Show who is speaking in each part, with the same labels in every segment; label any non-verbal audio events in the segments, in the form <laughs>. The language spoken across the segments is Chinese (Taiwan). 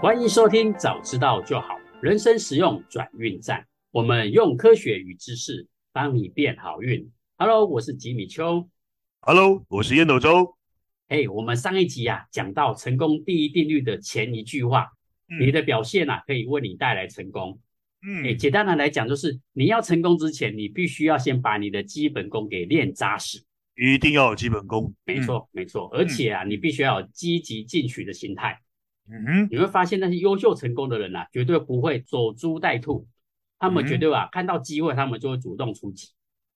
Speaker 1: 歡迎收聽《早知道就好》，人生實用轉運站。我們用科學與知識幫你變好運。Hello，我是吉米邱。Hello，我是煙斗周。哎，hey, 我們上一集啊，講到成功第一定律的前一句話，嗯、你的表現啊，可以為你帶來成功。
Speaker 2: 嗯，hey, 簡
Speaker 1: 單的來講，就是你要成功之前，你必須要先把你的基本功給練紮實，一定要有基本功。沒錯，沒錯。而且啊，嗯、你必須要有積極進取的心態。嗯，你會發現那些優秀成功的人啊，絕對不會守株待兔，他們絕對吧、啊，嗯、看到機會他們就會主動出擊，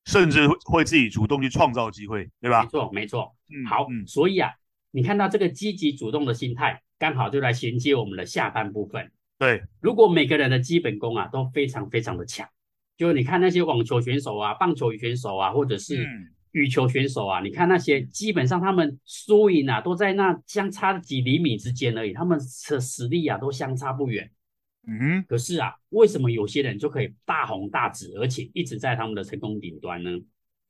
Speaker 1: 甚至會會自己主動去創造機會，對吧？沒錯，沒錯。嗯、好，嗯、所以啊，你看到這個積極主動的心態，剛好就來銜接我們的下半部分。對，如果每個人的基本功啊都非常非常的強，就你看那些網球選手啊、棒球選手啊，或者是、嗯。羽球選手啊，你看那些基本上他們輸贏啊，都在那相差幾釐米之間而已，他們的實力啊都相差不遠。
Speaker 2: 嗯
Speaker 1: 哼，可是啊，為什麼有些人就可以大紅大紫，而且一直在他們的成功頂端呢？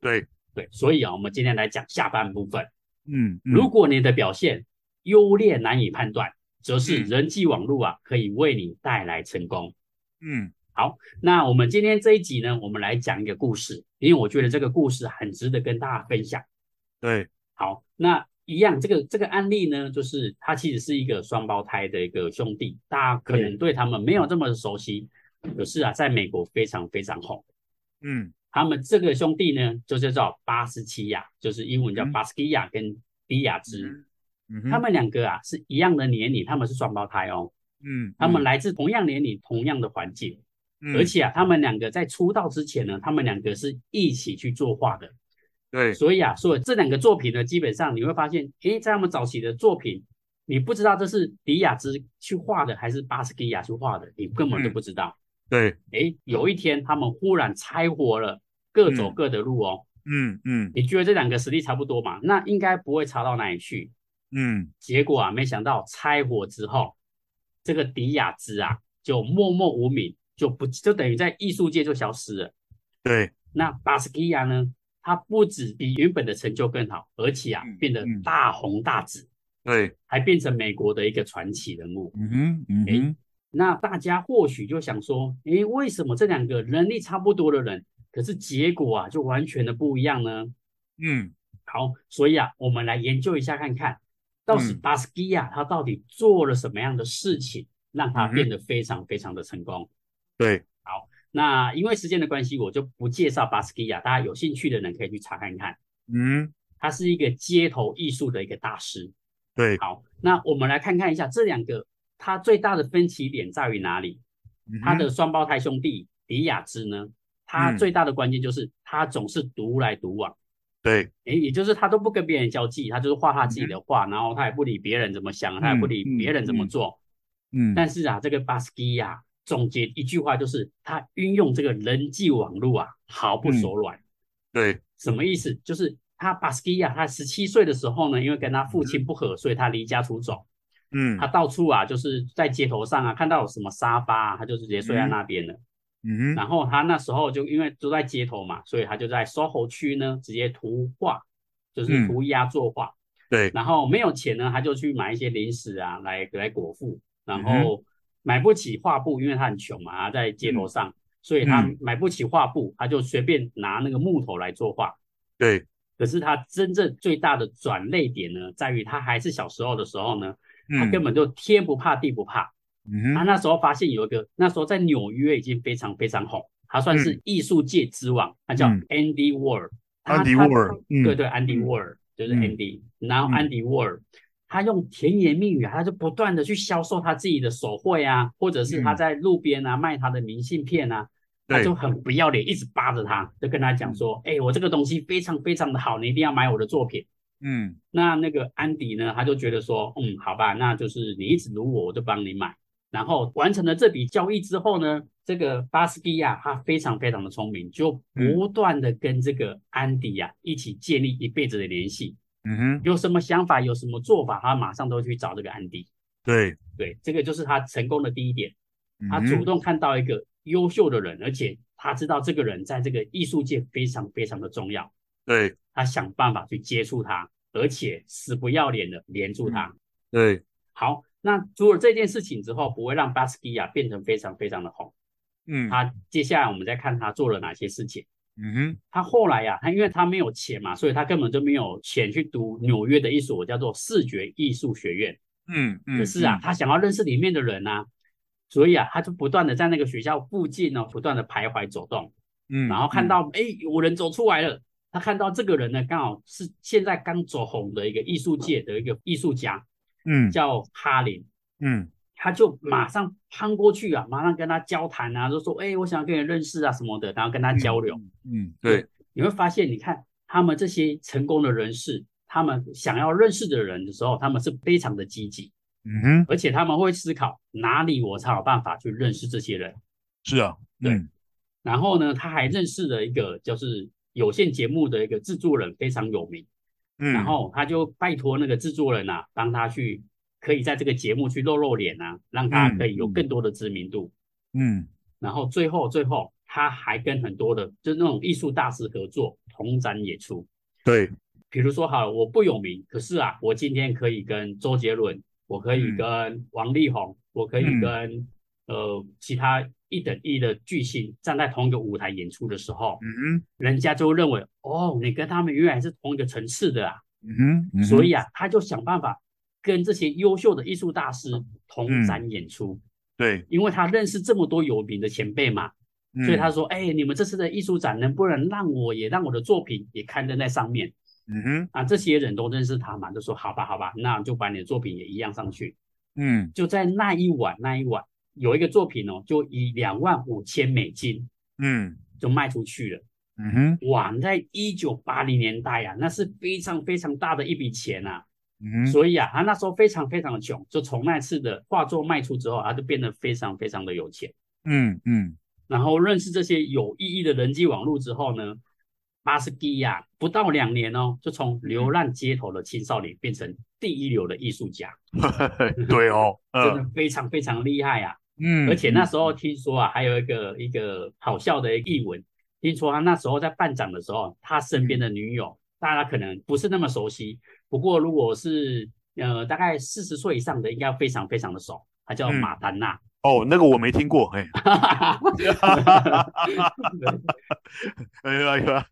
Speaker 1: 對對，所以啊，我們今天來講下半部分。嗯，
Speaker 2: 嗯，如
Speaker 1: 果你的表現優劣難以判斷，則是人際網路啊可以為你帶來成功。嗯。嗯好，那我們今天這一集呢，我們來講一個故事，因為我覺得這個故事很值得跟大家分享。對，好，那一樣，這個這個案例呢，就是他其實是一個雙胞胎的一個兄弟，大家可能對他們沒有這麼熟悉，對可是啊，在美國非常非常紅。
Speaker 2: 嗯，
Speaker 1: 他們這個兄弟呢，就是、叫做巴斯奇亞，就是英文叫巴斯奇亞跟迪亞茲、嗯。嗯，
Speaker 2: 他們兩
Speaker 1: 個啊是一樣的年齡，他們是雙胞胎哦。嗯，
Speaker 2: 他們來
Speaker 1: 自同樣年齡、同樣的環境。而且啊，他們兩個在出道之前呢，他們兩個是一起去作畫的，對，所以啊，所以這兩個作品呢，基本上你會發現，誒，在他們早期的作品，你不知道這是迪亞茲去畫的還是巴斯基亞去畫的，你根本就不知道。嗯、對，誒，有一天他們忽然拆夥了，各走各的路哦。嗯嗯，嗯
Speaker 2: 嗯，你
Speaker 1: 覺得這兩個實力差不多嘛？那應該不會差到哪裡去。嗯，結果啊，沒想到拆夥之後，這個迪亞茲啊就默默無名。就不就等於在藝術界就消失了。對，那巴斯基亞呢？他不止比原本的成就更好，而且啊，嗯、變得大紅大紫。對，還變成美國的一個傳奇人物。嗯
Speaker 2: 哼，
Speaker 1: 嗯哼。那大家或許就想說，誒，為什麼這兩個能力差不多的人，可是結果啊就完全的不一樣呢？嗯，好，所以啊，我們來研究一下看看，到底巴斯基亞他到底做了什麼樣的事情，嗯、讓他變得非常非常的成功？對，好，那因為時間的關係，我就不介紹巴斯基亞，大家有興趣的人可以去查看看。嗯，他是一個街頭藝術的一個大師。
Speaker 2: 對，好，
Speaker 1: 那我們來看看一下這兩個，他最大的分歧點在於哪裡？嗯、
Speaker 2: 哼他的
Speaker 1: 雙胞胎兄弟迪亞茲呢，他最大的關鍵就是他總是獨來獨往。
Speaker 2: 對、
Speaker 1: 嗯，哎，也就是他都不跟別人交際，他就是畫他自己的畫，嗯、然後他也不理別人怎麼想，嗯、他也不理別人怎麼做。嗯，嗯嗯，但是啊，這個巴斯基亞。總結一句話就是，他運用這個人際網路啊，毫不手軟，嗯。
Speaker 2: 對，
Speaker 1: 什麼意思？就是他巴斯蒂亞，他十七歲的時候呢，因為跟他父親不合，所以他離家出走。嗯，他到處啊，就是在街頭上啊，看到有什麼沙發啊，他就直接睡在那邊了，嗯。嗯，然後他那時候就因為都在街頭嘛，所以他就在 SOHO 區呢，直接塗畫，就是塗鴉作畫。
Speaker 2: 對，然
Speaker 1: 後沒有錢呢，他就去買一些零食啊，來來果腹。然後、嗯嗯買不起畫布，因為他很窮嘛，他在街頭上，所以他買不起畫布，他就隨便拿那個木頭來做畫。對，可是他真正最大的轉捩點呢，在於他還是小時候的時候呢，
Speaker 2: 他根本
Speaker 1: 就天不怕地不怕。他那時候發現有一個，那時候在紐約已經非常非常紅，他算是藝術界之王，他叫 Andy War。Andy War，對對，Andy War 就是 Andy 然後 Andy War。他用甜言蜜語，啊，他就不斷的去銷售他自己的手繪啊，或者是他在路邊啊、嗯、賣他的明信片啊，
Speaker 2: 他就很
Speaker 1: 不要臉，對一直扒着他，就跟他講說，哎、嗯欸，我這個東西非常非常的好，你一定要買我的作品。嗯，那那個安迪呢，他就覺得說，嗯，好吧，那就是你一直盧我，我就幫你買。然後完成了這筆交易之後呢，這個巴斯基亞他非常非常的聰明，就不斷的跟這個安迪呀一起建立一輩子的聯繫。嗯嗯哼，mm hmm. 有什麼想法，有什麼做法，他馬上都去找這個安迪。
Speaker 2: 對
Speaker 1: 對，這個就是他成功的第一點。他主動看到一個優秀的人，mm hmm. 而且他知道這個人在這個藝術界非常非常的重要。對，他想辦法去接觸他，而且死不要臉的黏住他。Mm hmm. 對，好，那做了這件事情之後，不會讓巴斯基亞變成非常非常的紅。嗯、
Speaker 2: mm，hmm. 他
Speaker 1: 接下來我們再看他做了哪些事情。嗯哼，他後來呀、啊，他因為他沒有錢嘛，所以他根本就沒有錢去讀紐約的一所叫做視覺藝術學院。
Speaker 2: 嗯嗯，嗯可是啊，嗯、他
Speaker 1: 想要認識裡面的人啊，所以啊，他就不斷的在那個學校附近呢、哦，不斷的徘徊走動。
Speaker 2: 嗯，然後看到，
Speaker 1: 哎、嗯，有人走出來了，他看到這個人呢，剛好是現在剛走紅的一個藝術界的一個藝術家，嗯，叫哈林，嗯。他就馬上攀過去啊，嗯、馬上跟他交談啊，就說：“哎、欸，我想要跟你認識啊什麼的。”然後跟他交流。嗯、嗯，對，你會發現，你看他們這些成功的人士，他們想要認識的人的時候，他們是非常的積極。嗯哼，而且他們會思考哪裡我才有辦法去認識這些人。是啊，對。嗯、然後呢，他還認識了一個就是有線節目的一個製作人，非常有名。
Speaker 2: 嗯，然後
Speaker 1: 他就拜託那個製作人啊，幫他去。可以在這個節目去露露臉啊，讓他可以有更多的知名度。嗯，嗯，然後最後最後，他還跟很多的，就那種藝術大師合作同場演出。對，比如說哈，我不有名，可是啊，我今天可以跟周杰倫，我可以跟王力宏，嗯、我可以跟、嗯、呃其他一等一的巨星站在同一個舞台演出的時候，嗯，嗯，人家就認為哦，你跟他們永遠是同一個層次的啊。嗯，嗯，
Speaker 2: 所以啊，
Speaker 1: 他就想辦法。跟這些優秀的藝術大師同展演出，嗯、對，因為他認識這麼多有名的前輩嘛，嗯、所以他說：“哎、欸，你們這次的藝術展能不能讓我也讓我的作品也刊登在上面？”嗯哼啊，這些人都認識他嘛，就說：“好吧，好吧，那就把你的作品也一樣上去。”嗯，就在那一晚，那一晚有一個作品哦，就以兩萬五千美金，嗯，就賣出去了。嗯
Speaker 2: 哼，
Speaker 1: 哇，你在一九八零年代呀、啊，那是非常非常大的一筆錢啊。 <noise> 所以啊，他那時候非常非常的窮，就從那次的畫作賣出之後，他就變得非常非常的有錢。嗯
Speaker 2: 嗯，
Speaker 1: 嗯然後認識這些有意義的人際網絡之後呢，巴斯基亞不到兩年哦、喔，就從流浪街頭的青少年變成第一流的藝術家。
Speaker 2: 對哦，真的
Speaker 1: 非常非常厲害啊。嗯，嗯而且那時候聽說啊，還有一個一個好笑的逸聞，聽說他那時候在辦展的時候，他身邊的女友。嗯大家可能不是那麼熟悉，不過如果是呃大概四十歲以上的，應該非常非常的熟。他叫馬丹娜、
Speaker 3: 嗯、哦，那個我沒聽過。哈
Speaker 1: 哈哈哈哈！有啊有啊，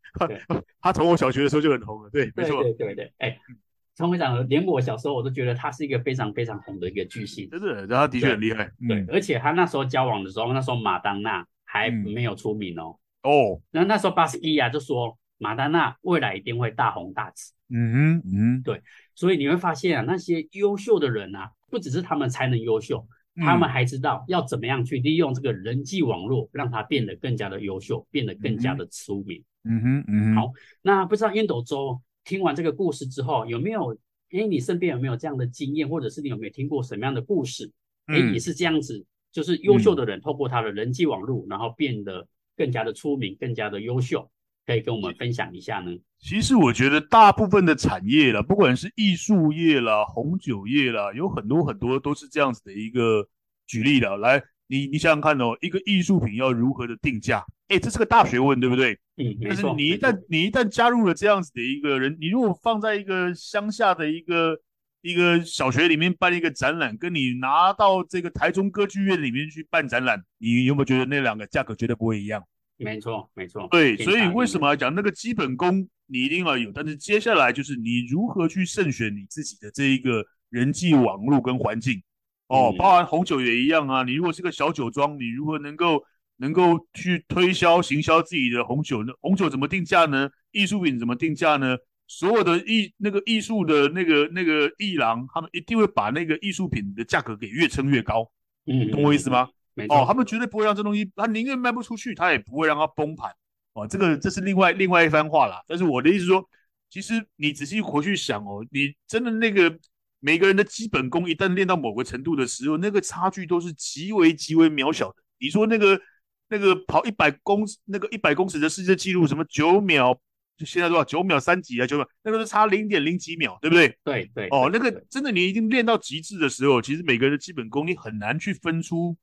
Speaker 3: 他從我小學的時候就很紅了。對，沒錯，對
Speaker 1: 對對。哎、嗯，從我講，連我小時候我都覺得他是一個非常非常紅的一個巨星。就是然後他的確很厲害。對，嗯、對，而且他那時候交往的時候，那時候馬丹娜還沒有出名哦。嗯、哦。然後那時候巴斯基亞就說。馬丹娜未來一定會大紅大紫、嗯。
Speaker 2: 嗯哼嗯，
Speaker 1: 對，所以你會發現啊，那些優秀的人啊，不只是他們才能優秀，他們還知道要怎麼樣去利用這個人際網絡，讓他變得更加的優秀，變得更加的出名。
Speaker 2: 嗯哼嗯哼，嗯
Speaker 1: 哼好，那不知道煙斗周聽完這個故事之後，有沒有？誒你身邊有沒有這樣的經驗，或者是你有沒有聽過什麼樣的故事？嗯、誒也是這樣子，就是優秀的人、嗯、透過他的人際網絡，然後變得更加的出名，更加的優秀。可以跟我們分享一下呢？
Speaker 3: 其實我覺得大部分的產業啦，不管是藝術業啦、紅酒業啦，有很多很多都是這樣子的一個舉例了。來，你你想想看哦，一個藝術品要如何的定價？哎，這是個大學問，對不對？嗯，但是你一旦你一旦加入了這樣子的一個人，你如果放在一個鄉下的一個一個小學裡面辦一個展覽，跟你拿到這個台中歌劇院裡面去辦展覽，你有沒有覺得那兩個價格絕對不會一樣？
Speaker 1: 沒錯，沒錯。對，平常，所以
Speaker 3: 為什麼來講，平常。那個基本功你一定要有，但是接下來就是你如何去慎選你自己的這一個人際網絡跟環境。哦，嗯、包含紅酒也一樣啊。你如果是個小酒莊，你如何能夠能夠去推銷行銷自己的紅酒呢？紅酒怎麼定價呢？藝術品怎麼定價呢？所有的藝那個藝術的那個那個藝廊，他們一定會把那個藝術品的價格給越撐越高。嗯，你懂我意思嗎？嗯沒哦，他們絕對不會讓這東西，他寧願賣不出去，他也不會讓它崩盤。哦，這個這是另外另外一番話啦。但是我的意思是說，其實你仔細回去想哦，你真的那個每個人的基本功，一旦練到某個程度的時候，那個差距都是極為極為渺小的。你說那個那個跑一百公那個一百公尺的世界紀錄，什麼九秒，就現在多少？九秒三幾啊？九秒，那個是差零點零幾秒，對不對？對對。對對哦，那個真的你已經練到極致的時候，其實每個人的基本功，你很難去分出。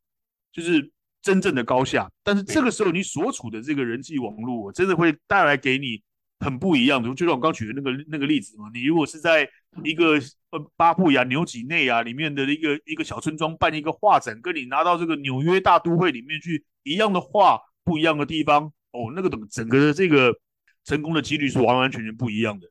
Speaker 3: 就是真正的高下，但是這個時候你所處的這個人際網絡，真的會帶來給你很不一樣的。就像我剛舉的那個那個例子嘛，你如果是在一個巴布亞、紐幾內亞裡面的一個一個小村莊辦一個畫展，跟你拿到這個紐約大都會裡面去一樣的畫，不一樣的地方哦，那個整整個的這個成功的幾率是完完全全不一樣的。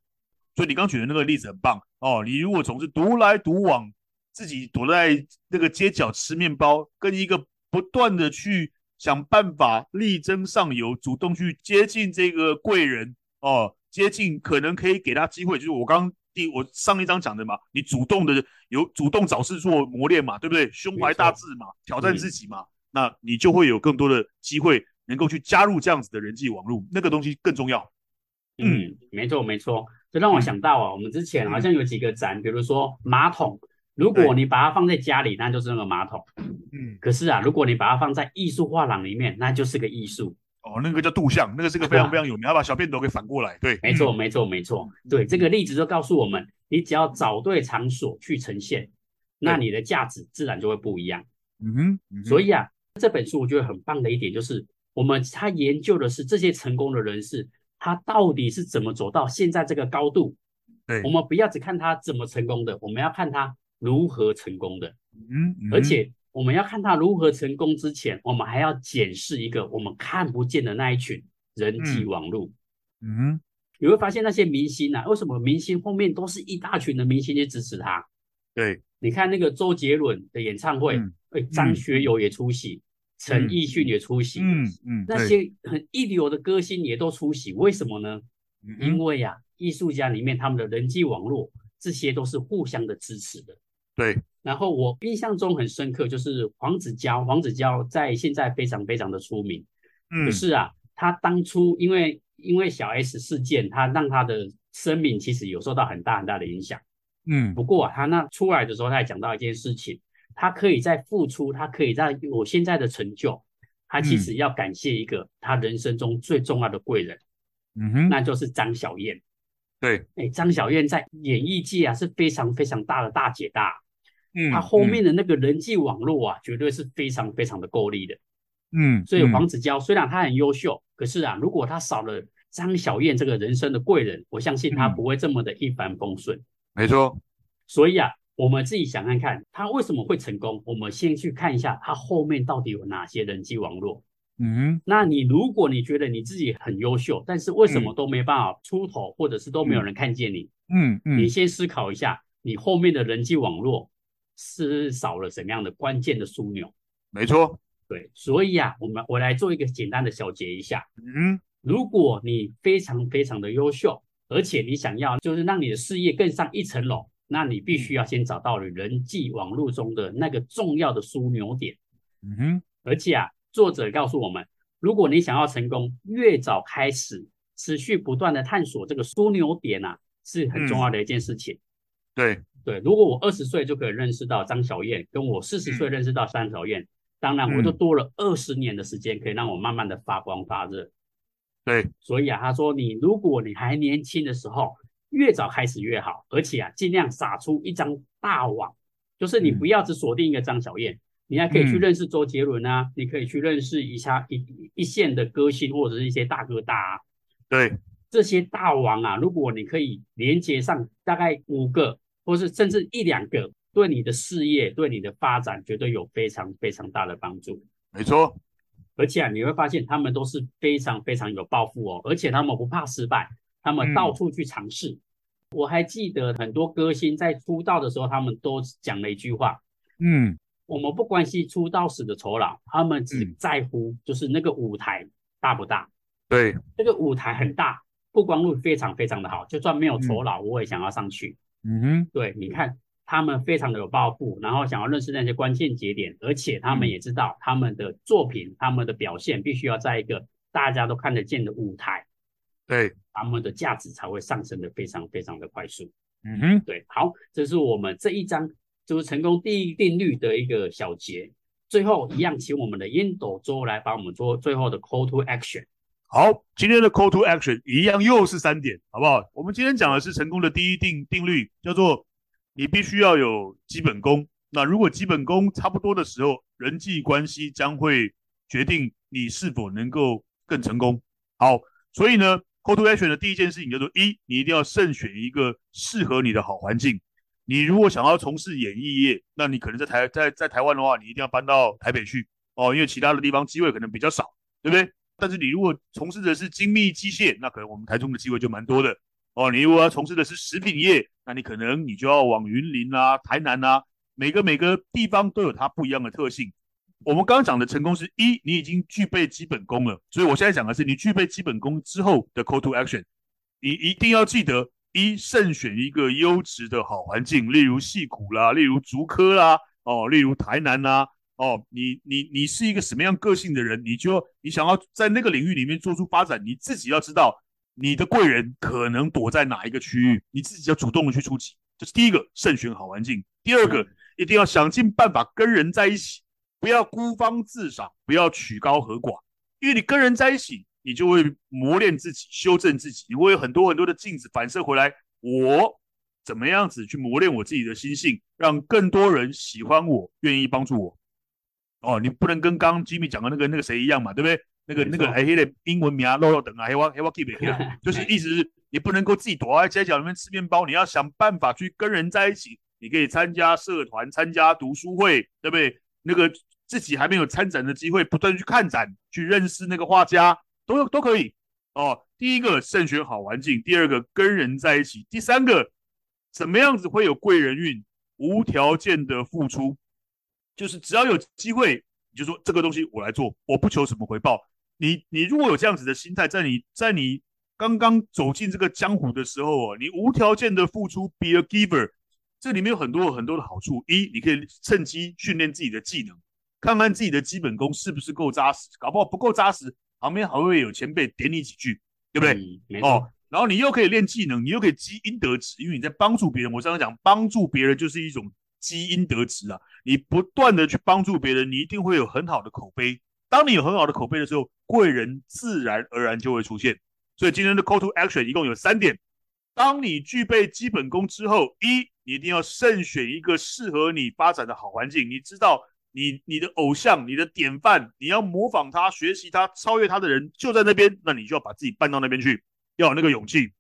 Speaker 3: 所以你剛舉的那個例子很棒哦，你如果總是獨來獨往，自己躲在那個街角吃麵包，跟一個不斷的去想辦法，力爭上游，主動去接近這個貴人哦、呃，接近可能可以給他機會。就是我剛第我上一章講的嘛，你主動的有主動找事做磨練嘛，對不對？胸懷大志嘛，沒錯、挑戰自己嘛，嗯、那你就會有更多的機會能夠去加入這樣子的人際網路。那個東西更重要。嗯，沒錯
Speaker 1: 沒錯，這讓我想到啊，嗯、我們之前好像有幾個展，嗯、比如說馬桶。如果你把它放在家裡，那就是那個馬桶。嗯。可是啊，如果你把它放在藝術畫廊裡面，那就是個藝術。哦，那個叫杜象，那個是個非常非常有名。要把小便斗給反過來。對，沒錯，沒錯，沒錯。對，這個例子就告訴我們，你只要找對場所去呈現，那你的價值自然就會不一樣。
Speaker 2: 嗯，所以啊，
Speaker 1: 這本書我覺得很棒的一點就是，我們他研究的是這些成功的人士，他到底是怎麼走到現在這個高度。對。我們不要只看他怎麼成功的，我們要看他。如何成功的？
Speaker 2: 嗯，嗯，而且
Speaker 1: 我們要看他如何成功之前，我們還要檢視一個我們看不見的那一群人際網絡。嗯，嗯，你會發現那些明星啊，為什麼明星後面都是一大群的明星去支持他？對，你看那個周杰倫的演唱會，哎、嗯，欸、張學友也出席，嗯、陳奕迅也出席，
Speaker 2: 嗯嗯，那些
Speaker 1: 很一流的歌星也都出席。為什麼呢？嗯、因為啊，嗯、藝術家裡面他們的人際網絡，這些都是互相的支持的。對，然後我印象中很深刻，就是黃子佼，黃子佼在現在非常非常的出名。嗯，可是啊，他當初因為因為小 S 事件，他讓他的生命其實有受到很大很大的影響。嗯，不過他、啊、那出來的時候，他也講到一件事情，他可以在付出，他可以在有現在的成就，他其實要感謝一個他人生中最重要的貴人，嗯哼，那就是張小燕。對，哎，張小燕在演藝界啊是非常非常大的大姐大。他後面的那個人際網絡啊，嗯、絕對是非常非常的夠力的。嗯，
Speaker 2: 所以黃
Speaker 1: 子佼雖然他很優秀，嗯、可是啊，如果他少了張小燕這個人生的貴人，我相信他不會這麼的一帆風順。嗯、沒錯，所以啊，我們自己想看看他為什麼會成功，我們先去看一下他後面到底有哪些人際網絡。嗯，那你如果你覺得你自己很優秀，但是為什麼都沒辦法出頭，或者是都沒有人看見你？嗯嗯，你先思考一下你後面的人際網絡。是少了怎樣的關鍵的樞紐？沒錯，對，所以啊，我們我來做一個簡單的小結一下。嗯，如果你非常非常的優秀，而且你想要就是讓你的事業更上一層樓，那你必須要先找到了人際網絡中的那個重要的樞紐點。
Speaker 2: 嗯，
Speaker 1: 而且啊，作者告訴我們，如果你想要成功，越早開始持續不斷的探索這個樞紐點啊，是很重要的一件事情。嗯、對。對，如果我二十歲就可以認識到張小燕，跟我四十歲認識到張小燕，嗯、當然我就多了二十年的時間，可以讓我慢慢的發光發熱。對，所以啊，他說你如果你還年輕的時候，越早開始越好，而且啊，儘量撒出一張大網，就是你不要只鎖定一個張小燕，嗯、你還可以去認識周杰倫啊，嗯、你可以去認識一下一一線的歌星或者是一些大哥大啊。對，這些大網啊，如果你可以連接上大概五個。或是甚至一兩個，對你的事業、對你的發展，絕對有非常非常大的幫助。沒錯，而且、啊、你會發現他們都是非常非常有抱負哦，而且他們不怕失敗，他們到處去嘗試。嗯、我還記得很多歌星在出道的時候，他們都講了一句話：嗯，我們不關心出道時的酬勞，他們只在乎就是那個舞台大不大。嗯、對，這個舞台很大，曝光率非常非常的好，就算沒有酬勞，嗯、我也想要上去。嗯哼，mm hmm. 對，你看他們非常的有抱負，然後想要認識那些關鍵節點，而且他們也知道、mm hmm. 他們的作品、他們的表現必須要在一個大家都看得見的舞台，對、mm，hmm. 他們的價值才會上升的非常非常的快速。嗯哼、mm，hmm. 對，好，這是我們這一章就是成功第一定律的一個小結，最後一樣，請我們的煙斗周來幫我們做
Speaker 3: 最後的 call to action。好，今天的 Call to Action 一樣又是三點，好不好？我們今天講的是成功的第一定定律，叫做你必須要有基本功。那如果基本功差不多的時候，人際關係將會決定你是否能夠更成功。好，所以呢，Call to Action 的第一件事情叫做一，你一定要慎選一個適合你的好環境。你如果想要從事演藝業，那你可能在台在在台灣的話，你一定要搬到台北去哦，因為其他的地方機會可能比較少，對不對？但是你如果從事的是精密機械，那可能我們台中的機會就蠻多的哦。你如果要從事的是食品業，那你可能你就要往雲林啦、啊、台南啦、啊，每個每個地方都有它不一樣的特性。我們剛剛講的成功是一，你已經具備基本功了。所以我現在講的是你具備基本功之後的 call to action，你一定要記得一，慎選一個優質的好環境，例如矽谷啦，例如竹科啦，哦，例如台南啦、啊。哦，你你你是一個什麼樣個性的人？你就你想要在那個領域裡面做出發展，你自己要知道你的貴人可能躲在哪一個區域，你自己要主動的去出擊。這是第一個，慎選好環境；第二個，一定要想盡辦法跟人在一起，不要孤芳自賞，不要曲高和寡。因為你跟人在一起，你就會磨練自己，修正自己，你會有很多很多的鏡子反射回來，我怎麼樣子去磨練我自己的心性，讓更多人喜歡我，願意幫助我。哦，你不能跟剛剛吉米講的那個那個誰一樣嘛，對不對？錯那個那個還黑的英文名啊、路路等啊、黑娃黑娃 Kimi 啊，去去 <laughs> 就是意思是你不能夠自己躲在街角裡面吃麵包，你要想辦法去跟人在一起。你可以參加社團、參加讀書會，對不對？那個自己還沒有參展的機會，不斷去看展、去認識那個畫家，都都可以。哦，第一個慎選好環境，第二個跟人在一起，第三個怎麼樣子會有貴人運？無條件的付出。就是只要有機會，你就說，這個東西我來做，我不求什麼回報。你你如果有這樣子的心態，在你在你剛剛走進這個江湖的時候哦、啊，你無條件的付出，be a giver，這裡面有很多很多的好處。一，你可以趁機訓練自己的技能，看看自己的基本功是不是夠扎實，搞不好不夠扎實，旁邊還會有前輩點你幾句，對不對？嗯、哦，然後你又可以練技能，你又可以積陰德值，因為你在幫助別人。我常常講幫助別人就是一種。積陰德值啊！你不斷的去幫助別人，你一定會有很好的口碑。當你有很好的口碑的時候，貴人自然而然就會出現。所以今天的 Call to Action 一共有三點：當你具備基本功之後，一，你一定要慎選一個適合你發展的好環境。你知道你，你你的偶像、你的典範，你要模仿他、學習他、超越他的人就在那邊，那你就要把自己搬到那邊去，要有那個勇氣，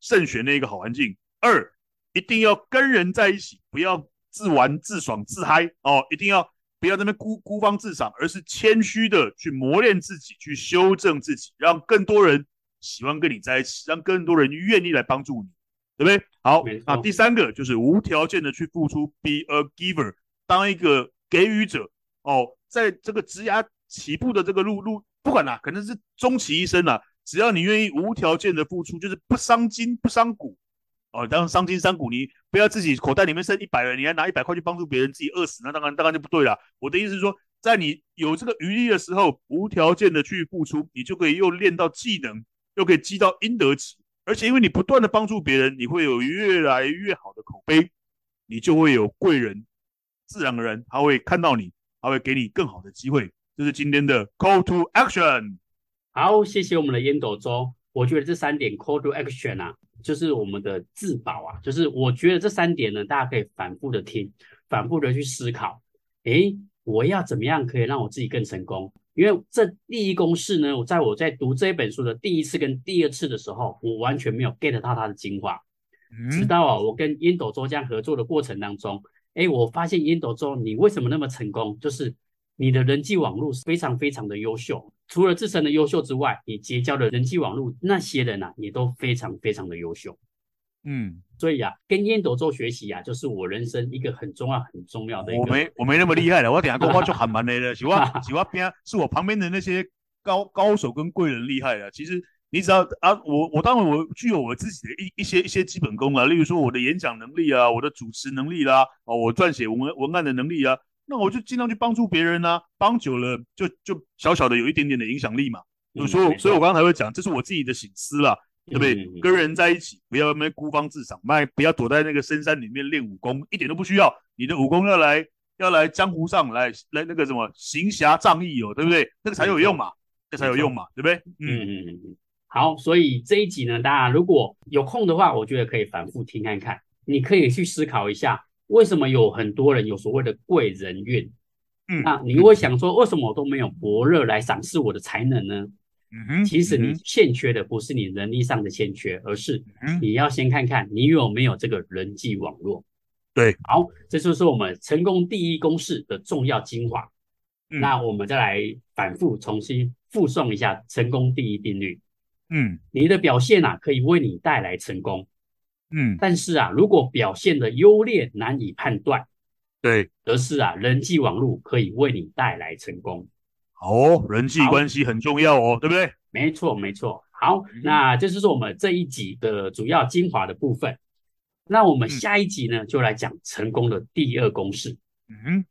Speaker 3: 慎選那一個好環境。二，一定要跟人在一起，不要。自玩自爽自嗨哦，一定要不要在那邊孤孤芳自賞，而是謙虛的去磨練自己，去修正自己，讓更多人喜歡跟你在一起，讓更多人願意來幫助你，對不對？好，那沒錯。啊，第三個就是無條件的去付出，be a giver，當一個給予者哦，在這個職涯起步的這個路路，不管啦，可能是終其一生啦，只要你願意無條件的付出，就是不傷筋不傷骨。哦，當傷筋傷骨，你不要自己口袋裡面剩一百元，你還拿一百塊去幫助別人，自己餓死，那當然當然就不對了。我的意思是說，在你有這個餘力的時候，無條件的去付出，你就可以又練到技能，又可以積到陰德值，而且因為你不斷的幫助別人，你會有越來越好的口碑，你就會有貴人，自然而然他會看到你，他會給你更好的機會。這是今天的 Call to Action，
Speaker 1: 好，謝謝我們的煙斗周。我覺得這三點 Call to Action 啊。就是我們的自保啊，就是我覺得這三點呢，大家可以反覆的聽，反覆的去思考。誒，我要怎麼樣可以讓我自己更成功？因為這第一公式呢，我在我在讀這本書的第一次跟第二次的時候，我完全沒有 get 到它的精華。直到啊，我跟煙斗周這樣合作的過程當中，哎，我發現煙斗周你為什麼那麼成功？就是你的人際網路是非常非常的優秀。除了自身的優秀之外，你結交的人際網絡，那些人啊，也都非常非常的優秀。嗯，所以啊，跟煙斗周學習啊，就是我人生一個很重要、很重要的一個。我沒
Speaker 3: 我沒那麼厲害了，我等下講話就喊蠻累了。喜歡喜歡邊，是我旁邊的那些高高手跟貴人厲害了。其實你只要啊，我我當然我具有我自己的一些一些一些基本功啊，例如說我的演講能力啊，我的主持能力啦，啊、哦、我撰寫文文案的能力啊。那我就儘量去幫助別人吶、啊，幫久了就就小小的有一點點的影響力嘛。有時候，嗯、所以我剛才會講，這是我自己的省思啦，嗯、對不對？跟人在一起，嗯、不要那孤芳自賞，不要躲在那個深山裡面練武功，一點都不需要。你的武功要來要來江湖上來來那個什麼行俠仗義哦，對不對？那個才有用嘛，嗯、那才有用嘛，沒錯。對不對？嗯嗯
Speaker 1: 嗯。
Speaker 3: 好，所以這一集呢，大家如果有空的話，
Speaker 1: 我覺得可以反復聽看看，你可以去思考一下。為什麼有很多人有所謂的貴人運？嗯，那你會想說，為什麼我都沒有伯樂來賞識我的才能呢？嗯哼，
Speaker 2: 其實你
Speaker 1: 欠缺的不是你能力上的欠缺，嗯哼，而是你要先看看你有沒有這個人際網絡。對，好，這就是我們成功第一公式的重要精華。嗯，那我們再來反覆重新複誦一下成功第一定律。嗯，你的表現啊，可以為你帶來成功。嗯，但是啊，如果表現的優劣難以判斷，對，則是啊，人際網絡可以為你帶來成功。
Speaker 3: 哦，人際關係
Speaker 1: 很重要哦，對不對？沒錯，沒錯。好，那這就是我們這一集的主要精華的部分。那我們下一集呢，就來講成功的第二公式。嗯，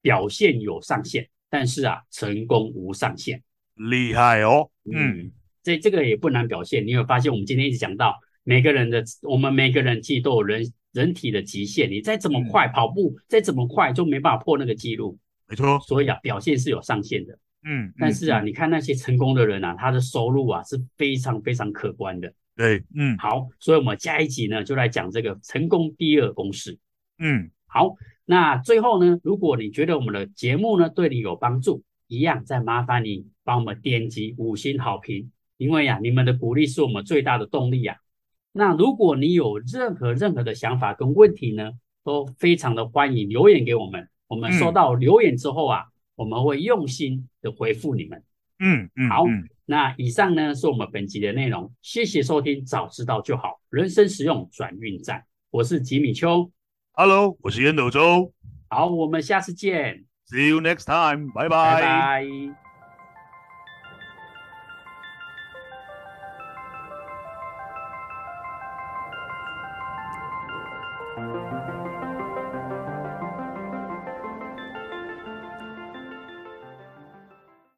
Speaker 1: 表現有上限，但是啊，成功無上限。厲害哦。嗯，這這個也不難表現。你有發現，我們今天一直講到。每個人的我們每個人體都有人人體的極限，你再怎麼快跑步，嗯、再怎麼快，就沒辦法破那個紀錄。沒錯錯，所以啊，表現是有上限的。
Speaker 2: 嗯，但是啊，嗯、
Speaker 1: 你看那些成功的人啊，他的收入啊是非常非常可觀的。對，嗯，好，所以我們下一集呢，就來講這個成功第二公式。嗯，好，那最後呢，如果你覺得我們的節目呢對你有幫助，一樣再麻煩你幫我們點擊五星好評，因為呀、啊，你們的鼓勵是我們最大的動力啊。那如果你有任何任何的想法跟問題呢，都非常的歡迎留言給我們。我們收到留言之後啊，嗯、我們會用心的回復你們。嗯，嗯好。嗯、那以上呢是我們本集的內容，謝謝收聽。早知道就好，人生實用轉運站，我是吉米邱。Hello，我是煙斗周。好，我們下次見。See you next time。拜拜。